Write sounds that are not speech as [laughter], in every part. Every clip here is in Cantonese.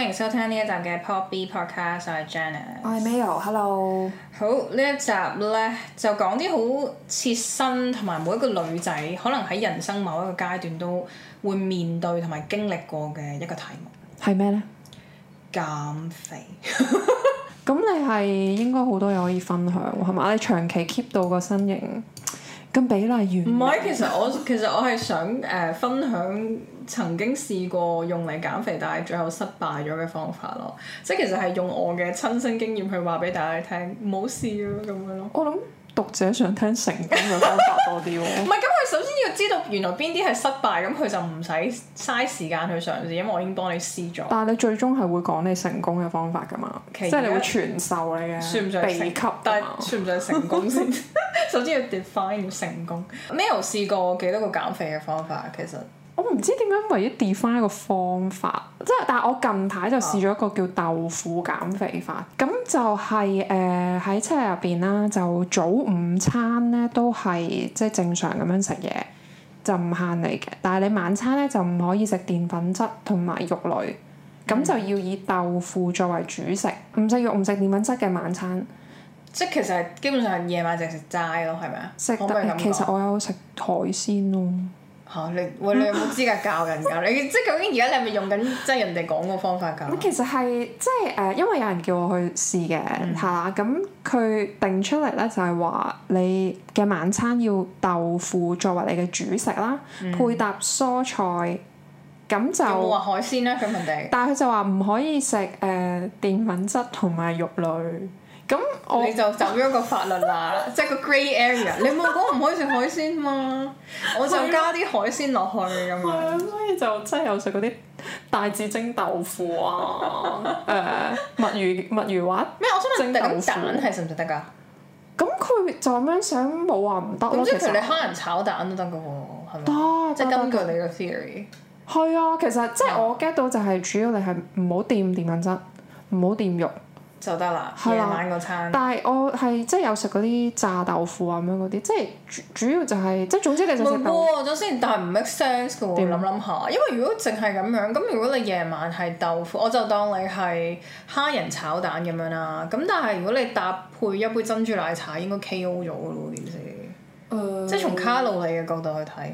歡迎收聽呢一集嘅 Poppy Podcast，我係 Janice，我係 Mayo，Hello。好，呢一集咧就講啲好切身同埋每一個女仔可能喺人生某一個階段都會面對同埋經歷過嘅一個題目，係咩咧？減肥。咁 [laughs] [laughs] 你係應該好多嘢可以分享，係咪？你長期 keep 到個身形。咁比例完唔係，其實我其實我係想誒、呃、分享曾經試過用嚟減肥，但係最後失敗咗嘅方法咯。即係其實係用我嘅親身經驗去話俾大家聽，唔好試咯咁樣咯。我諗。讀者想聽成功嘅方法多啲喎、啊，唔係咁，佢首先要知道原來邊啲係失敗，咁佢就唔使嘥時間去嘗試，因為我已經幫你試咗。但係你最終係會講你成功嘅方法㗎嘛？他即係你會傳授你嘅算唔算秘笈，但係算唔算成功先？ [laughs] [laughs] 首先要 define 成功。Milo 試過幾多個減肥嘅方法其實？我唔知點樣，唯一 define 一個方法，即係，但係我近排就試咗一個叫豆腐減肥法。咁、哦、就係誒喺七日入邊啦，就早午餐咧都係即係正常咁樣食嘢，就唔限你嘅。但係你晚餐咧就唔可以食澱粉質同埋肉類，咁、嗯、就要以豆腐作為主食，唔食肉、唔食澱粉質嘅晚餐。即係其實基本上夜晚淨食齋咯，係咪啊？食，但其實我有食海鮮咯。嚇！你喂，你有冇資格教人教 [laughs] 你？即係究竟而家你係咪用緊即係人哋講個方法教？咁其實係即係誒、呃，因為有人叫我去試嘅，係啦、嗯。咁佢、嗯、定出嚟咧就係話，你嘅晚餐要豆腐作為你嘅主食啦，配搭蔬菜。咁、嗯、就有冇話海鮮啦，咁問你。但係佢就話唔可以食誒、呃、澱粉質同埋肉類。咁你就走咗個法律啦， [laughs] 即係個 grey area。你冇講唔可以食海鮮嘛？我就加啲海鮮落去咁啊對樣，所以就真係有食嗰啲大致蒸豆腐啊，誒墨、 [laughs] 呃、魚墨魚滑咩？我想問蒸豆蛋係食唔食得㗎？咁佢就咁樣想，冇話唔得其實你蝦仁炒蛋都得㗎喎，係咪實？得、啊、即係根據你嘅 theory。係啊、嗯，其實即係我 get 到就係主要你係唔好掂澱粉質，唔好掂肉。就得啦，夜晚嗰餐。但係我係即係有食嗰啲炸豆腐啊咁樣嗰啲，即係主主要就係、是、即係總之你就食豆腐唔會喎，首先但係唔 make sense 嘅喎，諗諗下，因為如果淨係咁樣，咁如果你夜晚係豆腐，我就當你係蝦仁炒蛋咁樣啦。咁但係如果你搭配一杯珍珠奶茶，應該 KO 咗嘅喎，件事。呃、即係從卡路里嘅角度去睇。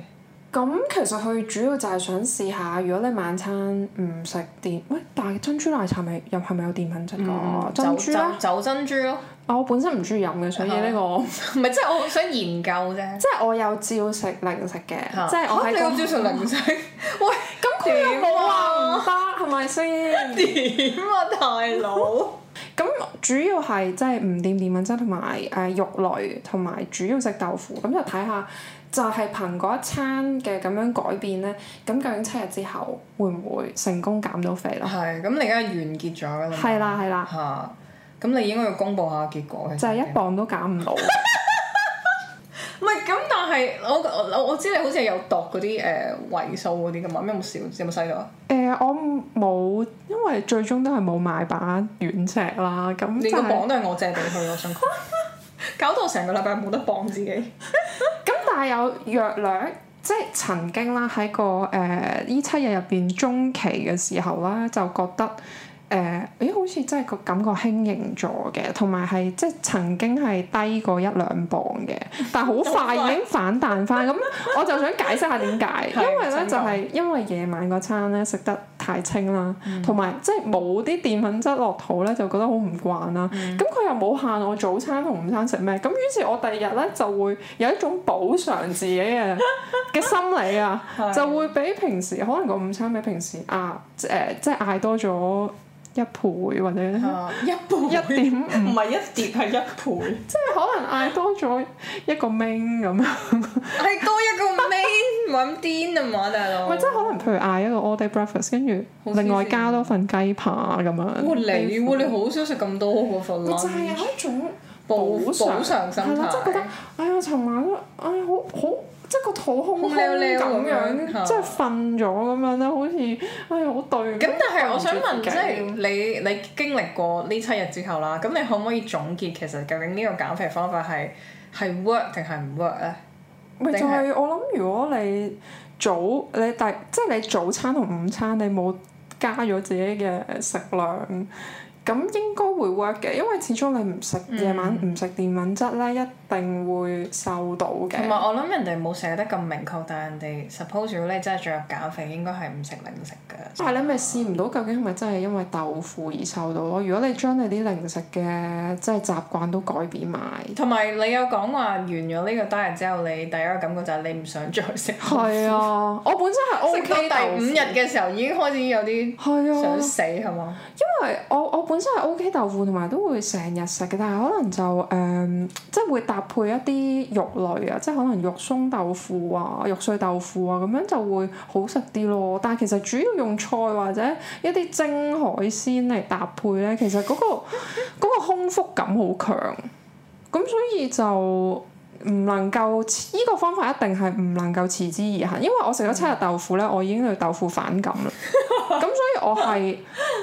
咁其實佢主要就係想試下，如果你晚餐唔食澱，喂，但係珍珠奶茶咪又係咪有澱粉質噶？走走走珍珠咯、哦！我本身唔中意飲嘅，所以呢、呢個唔係 [laughs] 即係我好想研究啫。即係我有照食零食嘅，啊、即係我係、啊、你有照食零食？ [laughs] 喂，咁點啊？唔得係咪先？點啊，大佬！咁 [laughs] [laughs] 主要係即係唔掂澱粉質，同埋誒肉類，同埋主要食豆腐。咁就睇下。就係憑嗰一餐嘅咁樣改變咧，咁究竟七日之後會唔會成功減到肥咧？係，咁你而家完結咗啦？係啦，係啦。嚇！咁你應該要公佈下結果嘅。就係一磅都減唔到。唔係咁。但係我我我知你好似有度嗰啲誒維數嗰啲咁啊？有冇少？有冇細到？啊？誒，我冇，因為最終都係冇買把軟尺啦。咁呢、就是、個磅都係我借俾佢，我想 [laughs] 搞到成個禮拜冇得幫自己 [laughs] [laughs] [laughs] 咁但係有若兩，即係曾經啦，喺個誒呢七日入面中期嘅時候啦，就覺得。誒，咦、呃欸？好似真係個感覺輕盈咗嘅，同埋係即係曾經係低過一兩磅嘅，但係好快已經反彈返。咁 [laughs] 我就想解釋下點解， [laughs] 因為咧問就係因為夜晚個餐咧食得太清啦，同埋即係冇啲澱粉質落肚咧，就覺得好唔慣啦。咁佢、嗯、又冇限我早餐同午餐食咩，咁於是我第二日咧就會有一種補償自己嘅嘅心理啊， [laughs] [laughs] 就會比平時可能個午餐比平時啊誒、呃呃、即係嗌多咗。一倍或者一點唔係一碟係一倍，即係可能嗌多咗一個 main 咁樣，嗌多一個 main，唔係咁癲啊嘛大佬！咪即係可能譬如嗌一個 all day breakfast，跟住另外加多份雞扒咁樣。哇你哇你好少食咁多個份量。就係有一種補補償心態係啦，即係覺得哎呀，尋晚都哎呀好好。即係個肚空空咁樣，即係瞓咗咁樣咧，好似唉好對唔住咁。咁但係我想問，即係你你經歷過呢七日之後啦，咁你可唔可以總結其實究竟呢個減肥方法係係 work 定係唔 work 咧？就係？咪就係我諗，如果你早你第即係你早餐同午餐你冇加咗自己嘅食量，咁應該會 work 嘅，因為始終你唔食夜晚唔食澱粉質咧一。定會瘦到嘅。同埋我諗人哋冇寫得咁明確，但係人哋 suppose 如果你真係著手減肥，應該係唔食零食㗎。但係你咪試唔到，究竟係咪真係因為豆腐而瘦到咯？如果你將你啲零食嘅即係習慣都改變埋。同埋你有講話完咗呢個 diet 之後，你第一個感覺就係你唔想再食。係啊， [laughs] 我本身係 O K。食到第五日嘅時候已經開始有啲想死咁啊。因為我我本身係 O K 豆腐，同埋都會成日食嘅，但係可能就誒、嗯、即係會搭配一啲肉類啊，即係可能肉鬆豆腐啊、肉碎豆腐啊咁樣就會好食啲咯。但係其實主要用菜或者一啲蒸海鮮嚟搭配咧，其實嗰個嗰個空腹感好強。咁所以就唔能夠依個方法一定係唔能夠持之以恆，因為我食咗七日豆腐咧，我已經對豆腐反感啦。咁所以我係。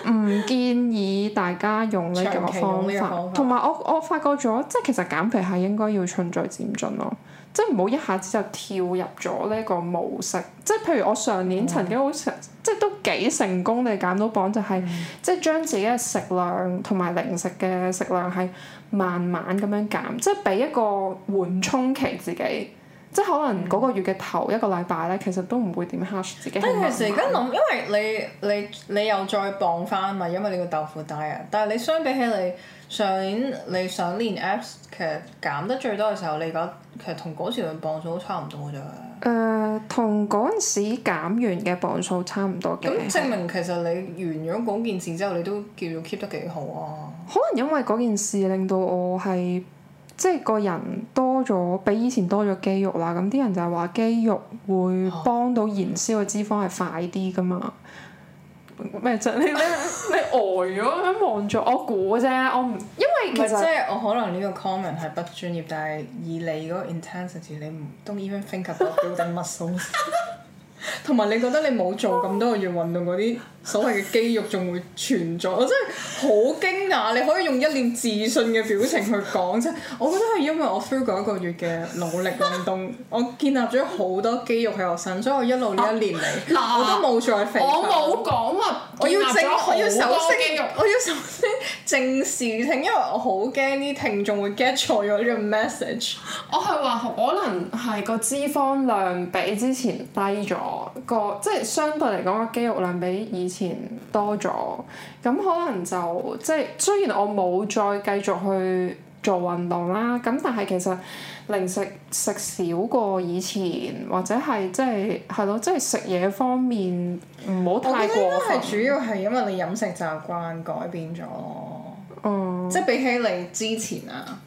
唔建議大家用呢個方法，同埋我我發覺咗，即係其實減肥係應該要循序漸進咯，即係唔好一下子就跳入咗呢個模式。即係譬如我上年曾經好成，嗯、即係都幾成功地減到磅，就係、是、即係將自己嘅食量同埋零食嘅食量係慢慢咁樣減，即係俾一個緩衝期自己。即係可能嗰個月嘅頭一個禮拜咧，嗯、其實都唔會點 hurt 自己。即係其實而家諗，因為你你你又再磅翻嘛，因為你個豆腐大啊。但係你相比起你上年你上年 Apps 其實減得最多嘅時候，你覺得其實同嗰時嘅磅數都差唔多咋。啫、呃。同嗰陣時減完嘅磅數差唔多嘅。咁證明其實你完咗嗰件事之後，你都叫做 keep 得幾好啊？可能因為嗰件事令到我係。即係個人多咗，比以前多咗肌肉啦。咁啲人就係話肌肉會幫到燃燒嘅脂肪係快啲㗎嘛。咩啫？ [laughs] 你你你呆咗？咁樣望住我估啫。我唔因為其實即係我可能呢個 comment 係不專業，但係以你嗰 intensity，你唔 [laughs] don't even think about building muscle 同埋你覺得你冇做咁多個月運動嗰啲所謂嘅肌肉仲會存在？我真係好驚訝，你可以用一臉自信嘅表情去講啫。我覺得係因為我 through 嗰一個月嘅努力運動， [laughs] 我建立咗好多肌肉喺我身上，所以我一路呢一年嚟、啊啊、我都冇再肥。我冇講乜，我要正，我要首先，我要首先正視聽，因為我好驚啲聽眾會 get 錯咗呢個 message。我係話可能係個脂肪量比之前低咗。個即係相對嚟講個肌肉量比以前多咗，咁可能就即係雖然我冇再繼續去做運動啦，咁但係其實零食食少過以前，或者係即係係咯，即係食嘢方面唔好太過分。主要係因為你飲食習慣改變咗，嗯、即係比起你之前啊。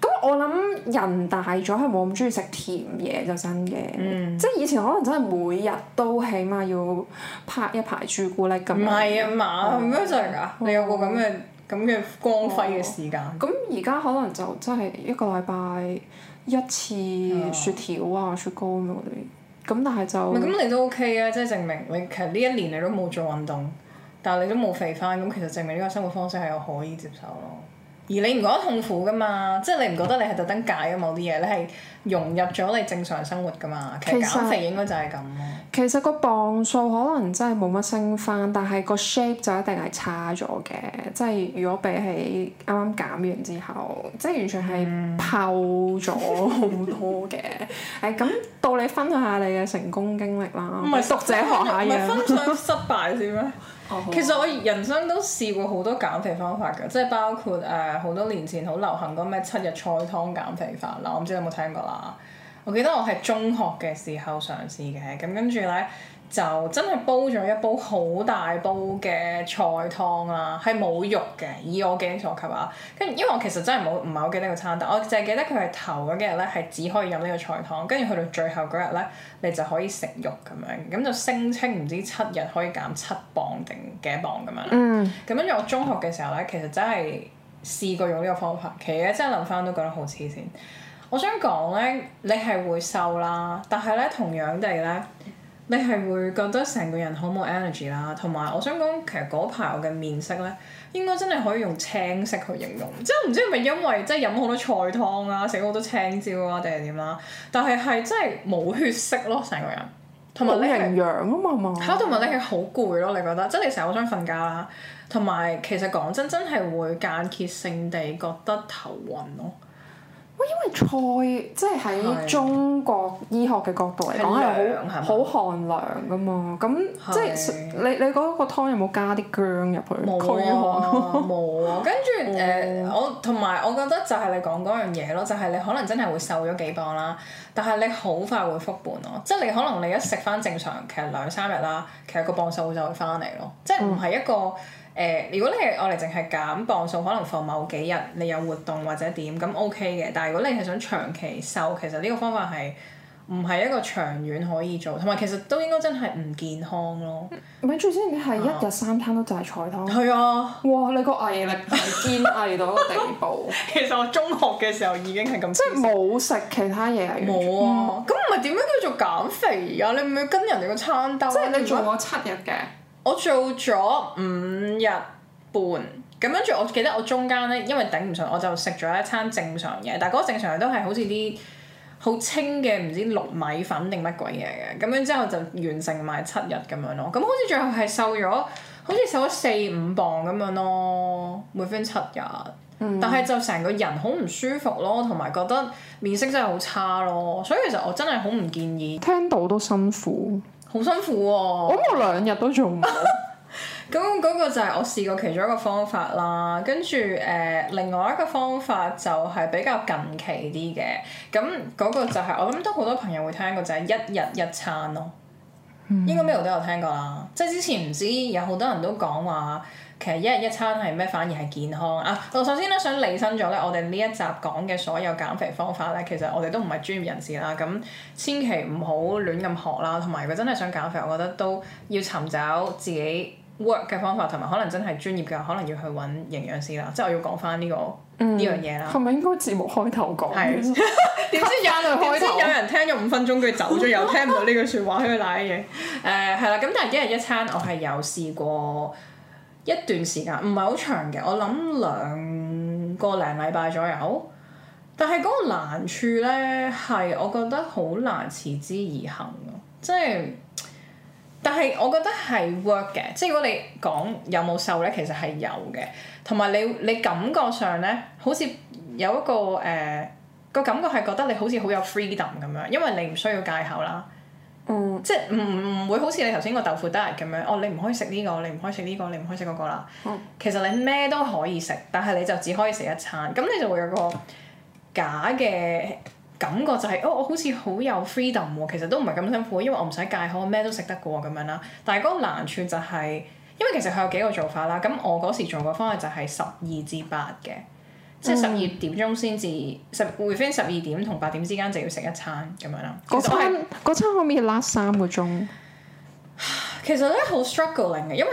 咁我諗人大咗係冇咁中意食甜嘢就係、真嘅，嗯、即係以前可能真係每日都起碼要拍一排朱古力咁。唔係、嗯、啊嘛，咩真係㗎？你有過咁嘅咁嘅光輝嘅時間。咁而家可能就真係一個禮拜一次雪條啊、嗯、雪糕咁嗰啲。咁但係就唔係咁你都 OK 啊！即係、啊啊就係、證明你其實呢一年你都冇做運動，但係你都冇肥翻，咁其實證明呢個生活方式係我可以接受咯。而你唔覺得痛苦㗎嘛？即係你唔覺得你係特登戒某啲嘢，你係融入咗你正常生活㗎嘛？其實減肥應該就係咁、啊、其實,其實個磅數可能真係冇乜升返，但係個 shape 就一定係差咗嘅。即係如果比起啱啱減完之後，即係完全係瘦咗好多嘅。誒、嗯 [laughs] 哎，咁到你分享下你嘅成功經歷啦。唔係讀者學下嘢。分享失敗先咩？ [laughs] 其實我人生都試過好多減肥方法㗎，即係包括誒好多年前好流行嗰咩七日菜湯減肥法啦，我唔知你有冇聽過啦。我記得我係中學嘅時候嘗試嘅，咁跟住咧。就真係煲咗一煲好大煲嘅菜湯啦，係冇肉嘅。以我記憶所及啊，跟住因為我其實真係冇唔係好記得個餐單，我淨係記得佢係頭嗰幾日咧係只可以飲呢個菜湯，跟住去到最後嗰日咧，你就可以食肉咁樣。咁就聲稱唔知七日可以減七磅定幾磅咁樣。嗯。咁樣，跟住我中學嘅時候咧，其實真係試過用呢個方法。其實真係諗翻都覺得好黐線。我想講咧，你係會瘦啦，但係咧同樣地咧。你係會覺得成個人好冇 energy 啦，同埋我想講其實嗰排我嘅面色咧，應該真係可以用青色去形容。即係唔知係咪因為即係飲好多菜湯啊，食好多青椒啊，定係點啦？但係係真係冇血色咯，成個人同埋你係營養啊嘛～嚇！同埋你係好攰咯，你覺得？即係你成日好想瞓覺啦。同埋其實講真，真係會間歇性地覺得頭暈咯。我因為菜，即係喺中國醫學嘅角度嚟講係好好寒涼㗎嘛，咁即係你你嗰個湯有冇加啲薑入去？冇冇啊，跟住誒我，同埋我覺得就係你講嗰樣嘢咯，就係你可能真係會瘦咗幾磅啦，但係你好快會復胖咯，即係你可能你一食返正常，其實兩三日啦，其實個磅數就會返嚟咯，即係唔係一個。誒、呃，如果你係我哋淨係減磅數，可能放某幾日你有活動或者點，咁 OK 嘅。但係如果你係想長期瘦，其實呢個方法係唔係一個長遠可以做，同埋其實都應該真係唔健康咯。咪最緊要係一日三餐都就係菜湯。係啊！啊哇，你個毅力堅毅到個地步。 [laughs] 其實我中學嘅時候已經係咁，即係冇食其他嘢。冇、嗯、啊！咁唔係點樣叫做減肥啊？你唔係要跟人哋個餐單？即係你做咗七日嘅。我做咗五日半，咁跟住我記得我中間咧，因為頂唔順，我就食咗一餐正常嘢，但係嗰個正常嘢都係好似啲好清嘅，唔知綠米粉定乜鬼嘢嘅，咁樣之後就完成埋七日咁樣咯。咁好似最後係瘦咗，好似瘦咗四五磅咁樣咯。每分七日，嗯、但係就成個人好唔舒服咯，同埋覺得面色真係好差咯。所以其實我真係好唔建議，聽到都辛苦。好辛苦喎，啊，咁我兩日都做唔到。咁嗰個就係我試過其中一個方法啦。跟住誒，另外一個方法就係比較近期啲嘅。咁嗰個就係、是、我諗都好多朋友會聽過，就係一日一餐咯。嗯、應該咩我都有聽過啦。即係之前唔知有好多人都講話。其實一日一餐係咩？反而係健康啊！我首先咧想釐清咗咧，我哋呢一集講嘅所有減肥方法咧，其實我哋都唔係專業人士啦。咁千祈唔好亂咁學啦。同埋，如果真係想減肥，我覺得都要尋找自己 work 嘅方法，同埋可能真係專業嘅，可能要去揾營養師啦。即係我要講翻呢個呢、嗯、樣嘢啦。係咪應該字幕開頭講？係點 [laughs] [laughs] 知有人開頭？有人聽咗五分鐘，佢 [laughs] 走咗，又聽唔到呢句説話喺度舐嘢。誒係啦，咁但係一日一餐，我係有試過。一段時間唔係好長嘅，我諗兩個零禮拜左右。但係嗰個難處咧係，我覺得好難持之以恒。即係，但係我覺得係 work 嘅。即係如果你講有冇瘦咧，其實係有嘅。同埋你你感覺上咧，好似有一個誒個、呃、感覺係覺得你好似好有 freedom 咁樣，因為你唔需要戒口啦。嗯、即係唔唔會好似你頭先個豆腐得嚟咁樣，哦你唔可以食呢、這個，你唔可以食呢、這個，你唔可以食嗰個啦。嗯、其實你咩都可以食，但係你就只可以食一餐，咁你就會有個假嘅感覺、就是，就係哦我好似好有 freedom 喎，其實都唔係咁辛苦，因為我唔使戒口，我咩都食得過咁樣啦。但係嗰個難處就係、是，因為其實佢有幾個做法啦。咁我嗰時做嘅方法就係十二至八嘅。即係十二點鐘先至十 within 十二點同八點之間就要食一餐咁樣啦。嗰餐可唔可以拉三個鐘，其實咧好 struggling 嘅，因為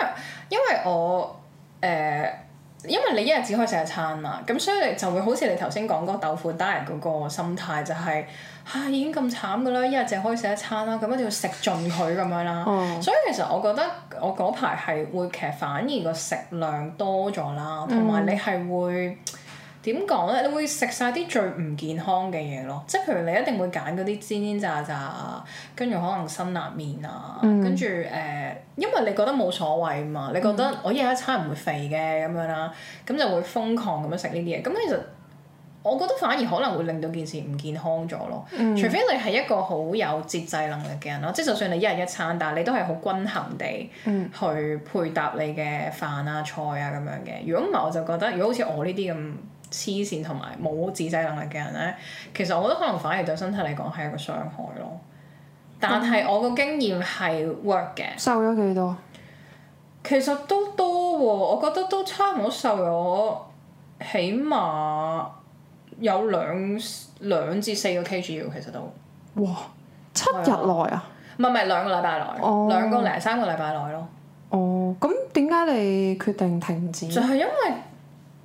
因為我誒、呃，因為你一日只可以食一餐嘛，咁所以你就會好似你頭先講嗰豆腐打人嗰個心態、就是，就係唉已經咁慘噶啦，一日淨係可以食一餐啦，咁一定要食盡佢咁樣啦。嗯、所以其實我覺得我嗰排係會其實反而個食量多咗啦，同埋你係會。嗯點講咧？你會食晒啲最唔健康嘅嘢咯，即係譬如你一定會揀嗰啲煎煎炸炸，啊，跟住可能辛辣麵啊，跟住誒，因為你覺得冇所謂嘛，你覺得我一日一餐唔會肥嘅咁樣啦，咁就會瘋狂咁樣食呢啲嘢。咁其實我覺得反而可能會令到件事唔健康咗咯，嗯、除非你係一個好有節制能力嘅人咯，即係就算你一日一餐，但係你都係好均衡地去配搭你嘅飯啊菜啊咁樣嘅。如果唔係，我就覺得如果好似我呢啲咁黐線同埋冇自制能力嘅人咧，其實我覺得可能反而對身體嚟講係一個傷害咯。但係我個經驗係 work 嘅、嗯。瘦咗幾多？其實都多喎，我覺得都差唔多瘦咗，起碼有兩兩至四個 K 左右，其實都。哇！七日內啊？唔係唔係兩個禮拜內，兩個零、哦、三個禮拜內咯。哦。咁點解你決定停止？就係因為。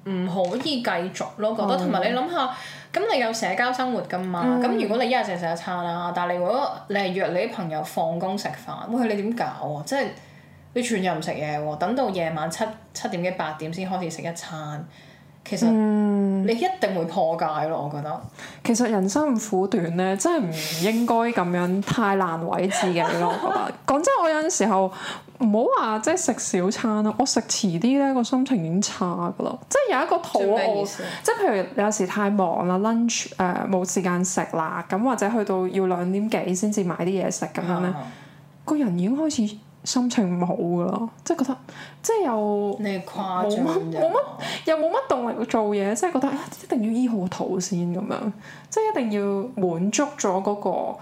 唔可以繼續咯，覺得同埋你諗下，咁你有社交生活㗎嘛？咁、嗯、如果你一日淨食一餐啦，但你如果你係約你啲朋友放工食飯，喂，你點搞啊？即係你全日唔食嘢喎，等到夜晚七七點幾八點先開始食一餐。其實你一定會破戒咯，我覺得、嗯。其實人生苦短咧，真係唔應該咁樣 [laughs] 太難為自己咯。我覺得。講 [laughs] 真，我有陣時候唔好話即係食小餐啦，我食遲啲咧個心情已經差噶咯。即係有一個肚餓，即係譬如有時太忙啦，lunch 誒冇時間食啦，咁或者去到要兩點幾先至買啲嘢食咁樣咧，個、嗯嗯嗯、人已經開始。心情唔好噶咯，即係覺得，即係又冇乜，冇乜，又冇乜動力去做嘢，即係覺得、啊、一定要醫好個肚先咁樣，即係一定要滿足咗嗰個口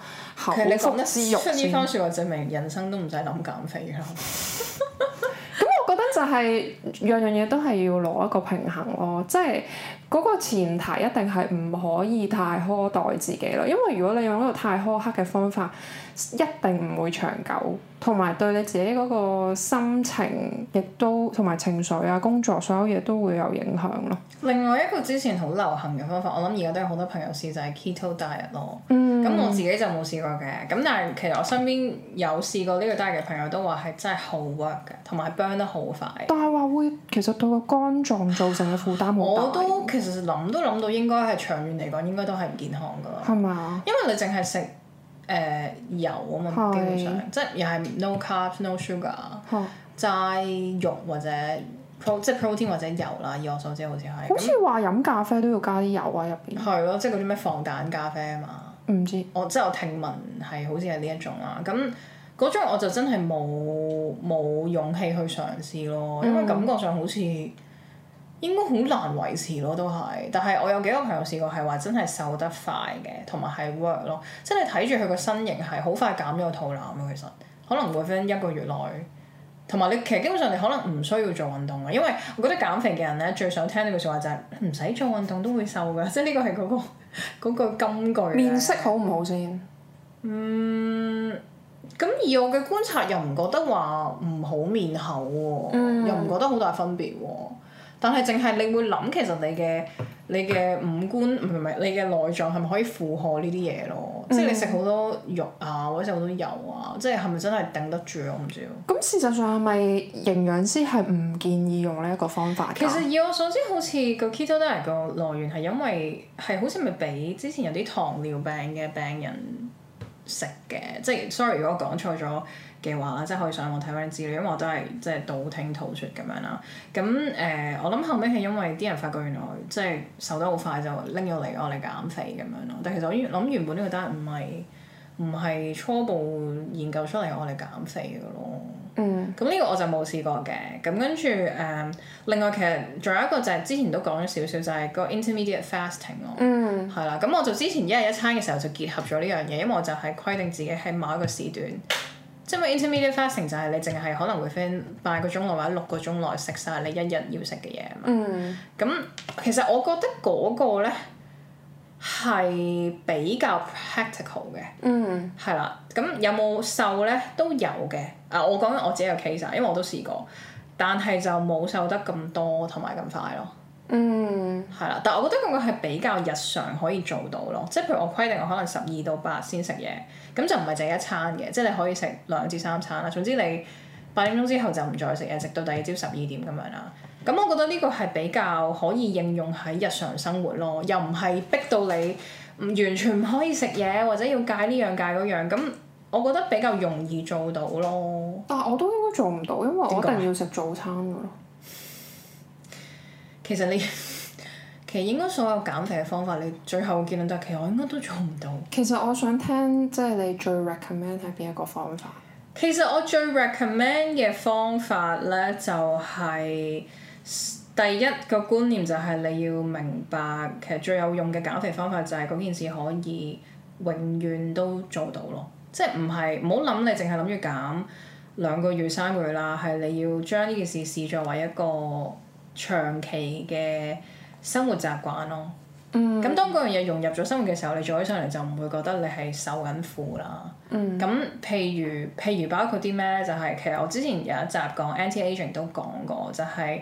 腹之欲。即出呢番説話證明人生都唔使諗減肥啦。咁、 [laughs] 嗯、我覺得就係、是、樣樣嘢都係要攞一個平衡咯，即係嗰、那個前提一定係唔可以太苛待自己咯，因為如果你用一個太苛刻嘅方法，一定唔會長久。同埋對你自己嗰個心情，亦都同埋情緒啊、工作所有嘢都會有影響咯。另外一個之前好流行嘅方法，我諗而家都有好多朋友試就係 keto diet 咯。咁、嗯、我自己就冇試過嘅。咁但係其實我身邊有試過呢個 diet 嘅朋友都話係真係好 work 嘅，同埋 burn 得好快。但係話會其實對個肝臟造成嘅負擔好大。我都其實諗都諗到，應該係長遠嚟講應該都係唔健康噶。係嘛嗎？因為你淨係食。誒、呃、油啊嘛，基本上即係又係 no carbs no sugar，齋是肉或者 pro, 即係 protein 或者油啦。以我所知好似係。好似話，那飲咖啡都要加啲油啊入邊。係咯，即係嗰啲咩防彈咖啡啊嘛。唔知。我即係我聽聞係好似係呢一種啦，咁嗰種我就真係冇冇勇氣去嘗試咯，因為感覺上好似。嗯應該好難維持咯，都係。但係我有幾個朋友試過係話真係瘦得快嘅，同埋係 work 咯。即係你睇住佢個身形係好快減咗肚腩咯。其實可能會分一個月內。同埋你其實基本上你可能唔需要做運動嘅，因為我覺得減肥嘅人咧最想聽呢句説話就係唔使做運動都會瘦㗎。即係呢個係嗰個嗰個金句。面色好唔好先？嗯，咁以我嘅觀察又唔覺得話唔好面口喎，嗯、又唔覺得好大分別喎。但係淨係你會諗，其實你嘅你嘅五官唔係你嘅內臟係咪可以負荷呢啲嘢咯？即係、嗯、你食好多肉啊，或者食好多油啊，即係係咪真係頂得住？我唔知。咁事實上係咪營養師係唔建議用呢一個方法，啊？其實以我所知，好似個 keto diet 係個來源係因為係好似咪俾之前有啲糖尿病嘅病人食嘅，即係，sorry，如果我講錯咗。嘅話啦，即係可以上網睇返啲資料，因為我都係即係道聽途說咁樣啦。咁誒、呃，我諗後尾，係因為啲人發覺原來即係瘦得好快，就拎咗嚟我哋減肥咁樣咯。但其實我諗原本呢個單唔係唔係初步研究出嚟我哋減肥嘅咯。嗯。咁呢個我就冇試過嘅。咁跟住誒，另外其實仲有一個就係之前都講咗少少，就係個 intermediate fasting 咯。嗯。係啦，咁我就之前一日一餐嘅時候就結合咗呢樣嘢，因為我就係規定自己喺某一個時段。即係咪 intermediate fasting 就係你淨係可能會分八個鐘或者六個鐘內食晒你一日要食嘅嘢啊嘛，嗯，咁其實我覺得嗰個咧係比較 practical 嘅，嗯，係啦。咁有冇瘦咧？都有嘅，啊我講緊我自己嘅 case，因為我都試過，但係就冇瘦得咁多同埋咁快咯。嗯，係啦，但係我覺得咁個係比較日常可以做到咯，即係譬如我規定我可能十二到八先食嘢，咁就唔係淨係一餐嘅，即係你可以食兩至三餐啦。總之你八點鐘之後就唔再食嘢，食到第二朝十二點咁樣啦。咁我覺得呢個係比較可以應用喺日常生活咯，又唔係逼到你唔完全唔可以食嘢，或者要戒呢樣戒嗰樣。咁我覺得比較容易做到咯。但係、啊、我都應該做唔到，因為我一定要食早餐㗎。其實你其實應該所有減肥嘅方法，你最後見到，但其實我應該都做唔到。其實我想聽即係、就是、你最 recommend 係邊一個方法？其實我最 recommend 嘅方法咧，就係、是、第一個觀念就係你要明白，其實最有用嘅減肥方法就係嗰件事可以永遠都做到咯。即係唔係唔好諗你淨係諗住減兩個月三個月啦，係你要將呢件事視作為一個長期嘅生活習慣咯，咁、嗯、當嗰樣嘢融入咗生活嘅時候，你做起上嚟就唔會覺得你係受緊苦啦。咁、嗯、譬如譬如包括啲咩咧，就係、是、其實我之前有一集講 anti aging 都講過，就係、是、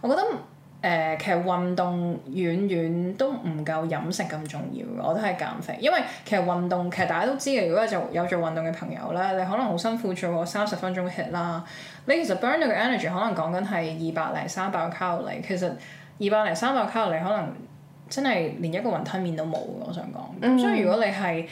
我覺得。誒、呃，其實運動遠遠都唔夠飲食咁重要。我都係減肥，因為其實運動，其實大家都知嘅。如果你做有做運動嘅朋友咧，你可能好辛苦做過三十分鐘 hit 啦。你其實 burn 嘅 energy 可能講緊係二百零三百個卡路里。其實二百零三百個卡路里可能真係連一個雲吞麵都冇。我想講，所以如果你係，嗯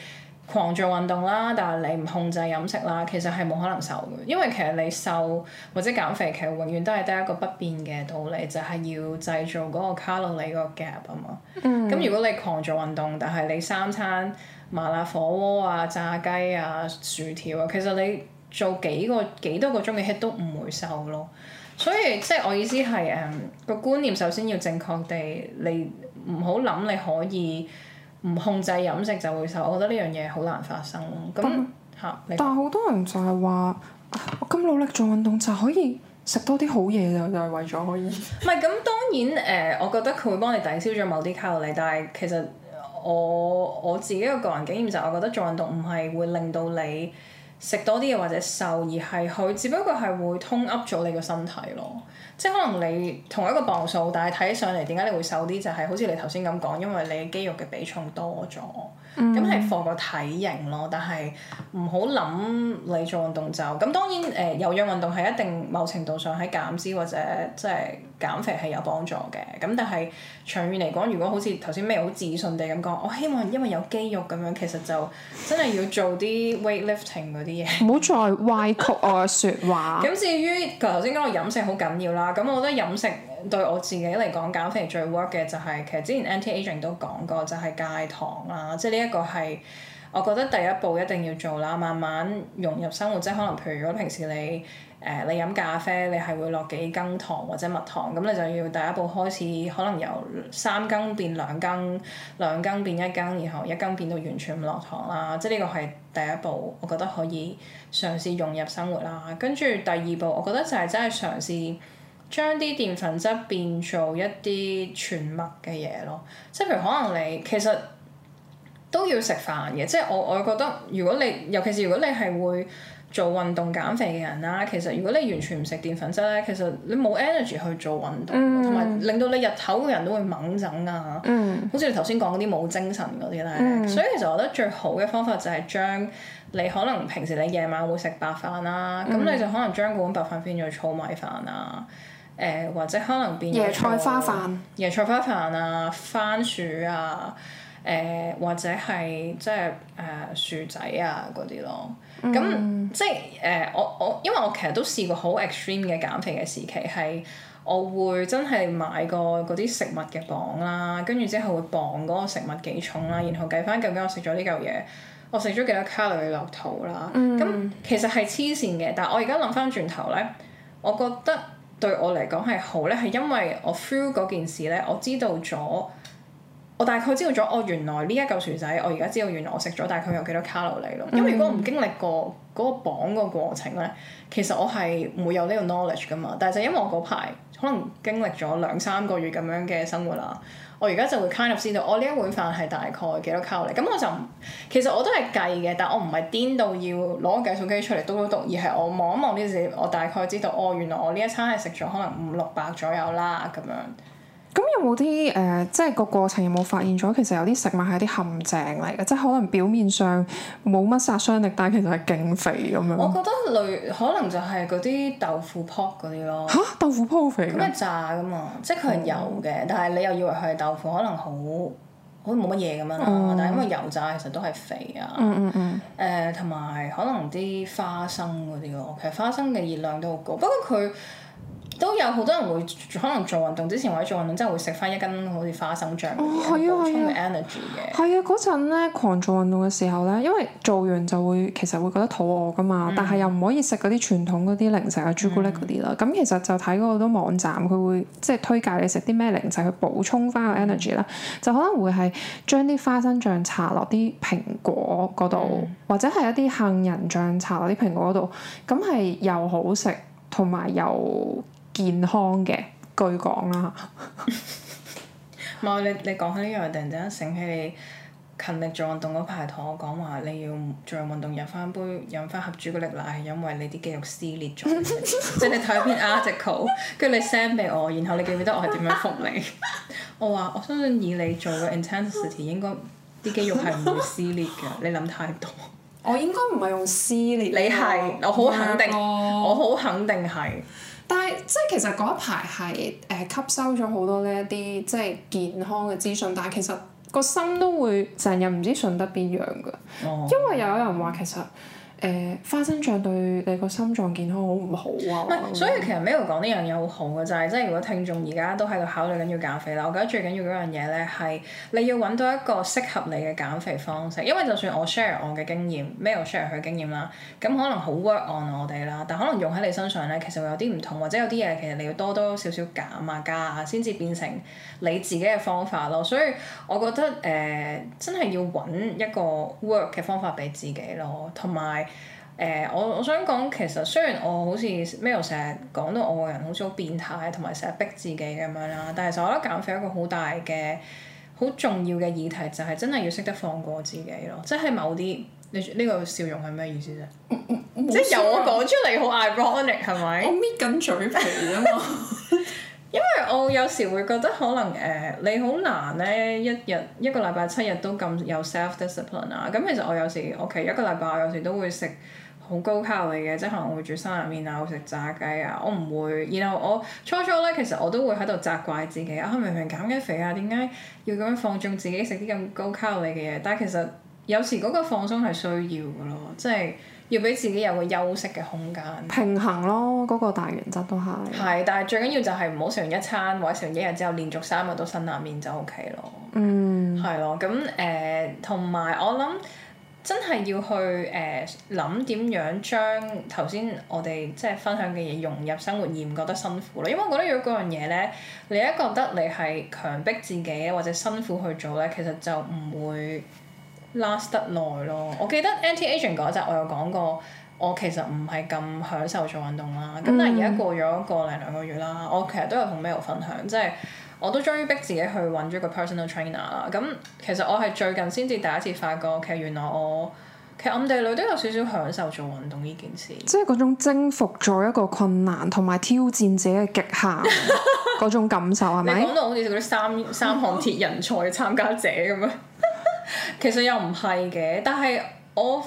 狂做運動啦，但係你唔控制飲食啦，其實係冇可能瘦嘅。因為其實你瘦或者減肥，其實永遠都係得一個不變嘅道理，就係、是、要製造嗰個卡路里個 gap 啊嘛、嗯。咁如果你狂做運動，但係你三餐麻辣火鍋啊、炸雞啊、薯條啊，其實你做幾個幾多個鐘嘅 hit 都唔會瘦咯。所以即係我意思係誒個觀念，首先要正確地，你唔好諗你可以。唔控制飲食就會瘦，我覺得呢樣嘢好難發生咯。咁嚇，但係好、啊、多人就係話，我咁努力做運動就可以食多啲好嘢就就是、係為咗可以。唔係咁當然誒、呃，我覺得佢會幫你抵消咗某啲卡路里，但係其實我我自己個個人經驗就係，我覺得做運動唔係會令到你食多啲嘢或者瘦，而係佢只不過係會通噏咗你個身體咯。即係可能你同一個磅數，但係睇起上嚟，點解你會瘦啲？就係、是、好似你頭先咁講，因為你肌肉嘅比重多咗，咁係放個體型咯。但係唔好諗，你做運動就咁。當然誒，有氧運動係一定某程度上喺減脂或者即係減肥係有幫助嘅。咁但係長遠嚟講，如果好似頭先咩好自信地咁講，我希望因為有肌肉咁樣，其實就真係要做啲 weightlifting 嗰啲嘢。唔好再歪曲我嘅說話，咁 [laughs] 至於頭先講講飲食好緊要啦。咁、嗯、我覺得飲食對我自己嚟講減肥最 work 嘅就係、是、其實之前 anti aging 都講過，就係、是、戒糖啦，即係呢一個係我覺得第一步一定要做啦，慢慢融入生活。即係可能譬如如果平時你誒、呃、你飲咖啡，你係會落幾羹糖或者蜜糖，咁你就要第一步開始，可能由三羹變兩羹，兩羹變一羹，然後一羹變到完全唔落糖啦。即係呢個係第一步，我覺得可以嘗試融入生活啦。跟住第二步，我覺得就係真係嘗試。將啲澱粉質變做一啲全麥嘅嘢咯，即係譬如可能你其實都要食飯嘅，即係我我覺得如果你尤其是如果你係會做運動減肥嘅人啦，其實如果你完全唔食澱粉質咧，其實你冇 energy 去做運動，同埋、嗯、令到你日頭嘅人都會矇盛啊，嗯、好似你頭先講啲冇精神嗰啲咧，嗯、所以其實我覺得最好嘅方法就係將你可能平時你夜晚會食白飯啦，咁、嗯、你就可能將嗰碗白飯變做糙米飯啊。誒、呃、或者可能變椰菜、菜花飯、椰菜花飯啊、番薯啊、誒、呃、或者係即係誒薯仔啊嗰啲咯。咁、嗯、即係誒、呃、我我因為我其實都試過好 extreme 嘅減肥嘅時期，係我會真係買過嗰啲食物嘅磅啦，跟住之後會磅嗰個食物幾重啦，然後計翻究竟我食咗呢嚿嘢，我食咗幾多卡路里落肚啦。咁、嗯、其實係黐線嘅，但係我而家諗翻轉頭咧，我覺得。對我嚟講係好咧，係因為我 feel 嗰件事咧，我知道咗，我大概知道咗，哦，原來呢一嚿薯仔，我而家知道原來我食咗，大概有幾多卡路里咯。因為如果我唔經歷過嗰個磅個過程咧，其實我係冇有呢個 knowledge 噶嘛。但係就因為我嗰排。可能經歷咗兩三個月咁樣嘅生活啦，我而家就會 kind of 知道，我呢一碗飯係大概幾多卡路里？咁我就其實我都係計嘅，但我唔係癲到要攞計數機出嚟嘟嘟嘟，而係我望一望呢啲，我大概知道，哦，原來我呢一餐係食咗可能五六百左右啦咁樣。咁有冇啲誒，即係個過程有冇發現咗？其實有啲食物係啲陷阱嚟嘅，即係可能表面上冇乜殺傷力，但係其實係勁肥咁樣。我覺得類可能就係嗰啲豆腐泡嗰啲咯。嚇！豆腐泡肥。咁係炸噶嘛？即係佢係油嘅，哦、但係你又以為佢係豆腐，可能好，好似冇乜嘢咁樣咯。嗯、但係因為油炸其實都係肥啊。嗯嗯嗯。同埋、呃、可能啲花生嗰啲咯，其實花生嘅熱量都好高，不過佢。都有好多人會，可能做運動之前或者做運動之後會食翻一斤好似花生醬哦，係啊，補充 energy 嘅。係啊，嗰陣咧狂做運動嘅時候咧，因為做完就會其實會覺得肚餓噶嘛，嗯、但係又唔可以食嗰啲傳統嗰啲零食啊、朱古力嗰啲啦。咁其實就睇嗰個啲網站，佢會即係推介你食啲咩零食去補充翻個 energy 啦。就可能會係將啲花生醬搽落啲蘋果嗰度，嗯、或者係一啲杏仁醬搽落啲蘋果嗰度，咁係又好食同埋又。健康嘅據講啦，唔係、 [laughs] 嗯、你，你講起呢樣，突然之間醒起你勤力做運動嗰排同我講話，你要做運動飲翻杯飲翻盒朱古力奶，係因為你啲肌肉撕裂咗。即係 [laughs] 你睇一篇 article，跟住你 send 俾我，然後你記唔記得我係點樣覆你？我話我相信以你做嘅 intensity，應該啲肌肉係唔會撕裂嘅。你諗太多。 [laughs] 我應該唔係用撕裂。你係，我好肯定，啊啊、我好肯定係。但係，即係其實嗰一排係誒吸收咗好多呢一啲即係健康嘅資訊，但係其實個心都會成日唔知順得邊樣㗎，oh. 因為有人話其實。誒、呃、花生醬對你個心臟健康好唔好啊？唔係，所以其實 Milo 講呢樣嘢好好嘅，就係即係如果聽眾而家都喺度考慮緊要減肥啦，我覺得最緊要嗰樣嘢咧係你要揾到一個適合你嘅減肥方式，因為就算我 share 我嘅經驗，Milo share 佢嘅經驗啦，咁可能好 work on 我哋啦，但可能用喺你身上咧，其實會有啲唔同，或者有啲嘢其實你要多多少少減啊加啊，先至變成你自己嘅方法咯。所以我覺得誒、呃、真係要揾一個 work 嘅方法俾自己咯，同埋。誒、呃，我我想講，其實雖然我好似 m 咩都成日講到我個人好似好變態，同埋成日逼自己咁樣啦，但係其實我覺得減肥一個好大嘅、好重要嘅議題，就係真係要識得放過自己咯。即係某啲，你呢個笑容係咩意思啫？嗯嗯啊、即由、啊、 [laughs] [laughs] 我講出嚟好 ironic 係咪？我搣緊嘴皮啊嘛。因為我有時會覺得可能誒、呃，你好難咧一日一個禮拜七日都咁有 self discipline 啊。咁其實我有時我其、okay，一個禮拜，我有時都會食。好高卡路里嘅，即係可能會煮辛辣麵啊，我會食炸雞啊，我唔會。然後我初初咧，其實我都會喺度責怪自己啊，明明減緊肥啊，點解要咁樣放縱自己食啲咁高卡路里嘅嘢？但係其實有時嗰個放鬆係需要嘅咯，即係要俾自己有個休息嘅空間。平衡咯，嗰個大原則都係。係，但係最緊要就係唔好食完一餐，或者食完一日之後連續三日都辛辣麵就 OK 咯。嗯。係咯，咁誒，同埋我諗。真係要去誒諗點樣將頭先我哋即係分享嘅嘢融入生活而唔覺得辛苦咯，因為我覺得如果嗰樣嘢咧，你一覺得你係強迫自己或者辛苦去做咧，其實就唔會 last 得耐咯。我記得 NTH 嗰集我有講過，我其實唔係咁享受做運動啦。咁、嗯、但係而家過咗個零兩個月啦，我其實都有同 Milo 分享，即係。我都終於逼自己去揾咗個 personal trainer 啦。咁其實我係最近先至第一次發覺，其實原來我其實暗地裏都有少少享受做運動呢件事。即係嗰種征服咗一個困難同埋挑戰者嘅極限嗰 [laughs] 種感受係咪？ [laughs] 吧你講到好似嗰啲三三項鐵人賽嘅參加者咁啊？ [laughs] 其實又唔係嘅，但係我。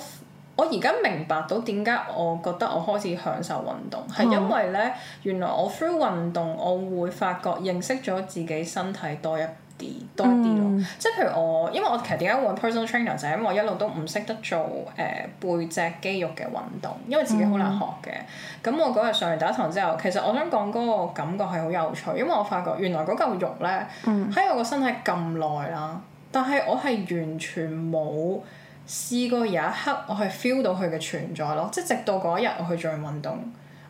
我而家明白到點解我覺得我開始享受運動，係、嗯、因為咧，原來我 through 運動，我會發覺認識咗自己身體多一啲，多啲咯。嗯、即係譬如我，因為我其實點解揾 personal trainer 就係、是、因為我一路都唔識得做誒、呃、背脊肌肉嘅運動，因為自己好難學嘅。咁、嗯、我嗰日上完第一堂之後，其實我想講嗰個感覺係好有趣，因為我發覺原來嗰嚿肉咧喺、嗯、我個身體咁耐啦，但係我係完全冇。試過有一刻，我係 feel 到佢嘅存在咯，即係直到嗰一日我去做運動，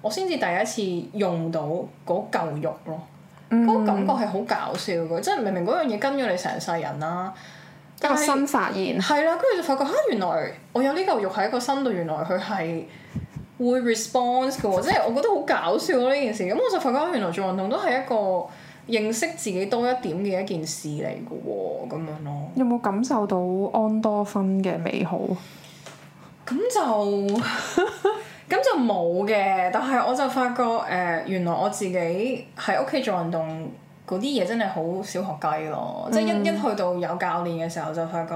我先至第一次用到嗰嚿肉咯。嗰、嗯、個感覺係好搞笑嘅，即係明明嗰樣嘢跟咗你成世人啦，但係新發現係啦，跟住就發覺嚇原來我有呢嚿肉喺個身度，原來佢係會 response 嘅喎，即係我覺得好搞笑咯呢件事。咁我就發覺原來做運動都係一個。認識自己多一點嘅一件事嚟嘅喎，咁樣咯。有冇感受到安多芬嘅美好？咁 [laughs] 就咁就冇嘅，但係我就發覺誒、呃，原來我自己喺屋企做運動嗰啲嘢真係好小學雞咯，嗯、即係一一去到有教練嘅時候就發覺。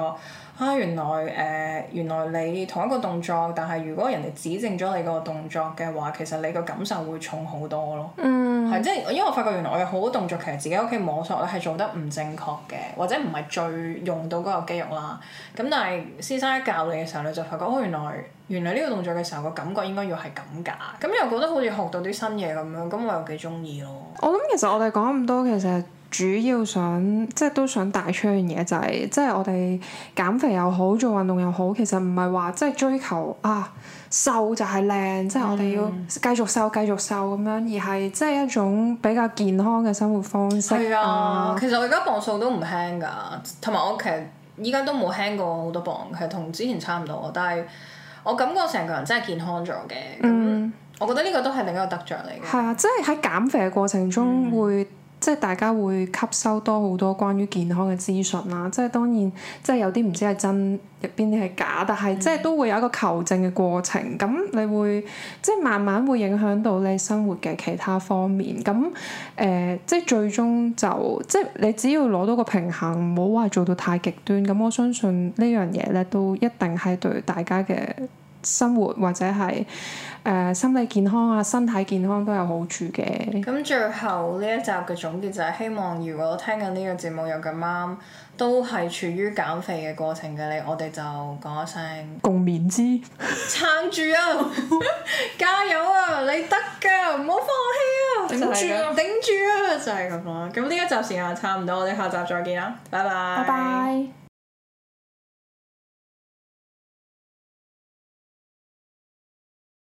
啊，原來誒、呃，原來你同一個動作，但係如果人哋指正咗你個動作嘅話，其實你個感受會重好多咯。嗯，係即係，因為我發覺原來我有好多動作，其實自己喺屋企摸索咧係做得唔正確嘅，或者唔係最用到嗰個肌肉啦。咁但係先生一教你嘅時候，你就發覺哦，原來原來呢個動作嘅時候個感覺應該要係咁㗎，咁又覺得好似學到啲新嘢咁樣，咁我又幾中意咯。我諗其實我哋講咁多，其實～主要想即係都想帶出一樣嘢，就係、是、即係我哋減肥又好做運動又好，其實唔係話即係追求啊瘦就係靚，即係我哋要繼續瘦繼續瘦咁樣，而係即係一種比較健康嘅生活方式。係啊，啊其其，其實我而家磅數都唔輕㗎，同埋我其實依家都冇輕過好多磅，係同之前差唔多。但係我感覺成個人真係健康咗嘅。嗯，我覺得呢個都係另一個得著嚟嘅。係啊，即係喺減肥嘅過程中會、嗯。即係大家會吸收多好多關於健康嘅資訊啦，即係當然，即係有啲唔知係真，入邊啲係假，但係、嗯、即係都會有一個求證嘅過程。咁你會即係慢慢會影響到你生活嘅其他方面。咁誒、呃，即係最終就即係你只要攞到個平衡，唔好話做到太極端。咁我相信呢樣嘢咧，都一定係對大家嘅生活或者係誒、呃、心理健康啊、身體健康都有好處嘅。咁最後呢一集嘅總結就係希望，如果我聽緊呢個節目又咁啱都係處於減肥嘅過程嘅你，我哋就講一聲共勉之， [laughs] 撐住啊！ [laughs] 加油啊！你得㗎，唔好放棄啊！頂住啊！頂住啊！就係咁講。咁呢一集時間差唔多，我哋下集再見啦，拜拜。拜拜。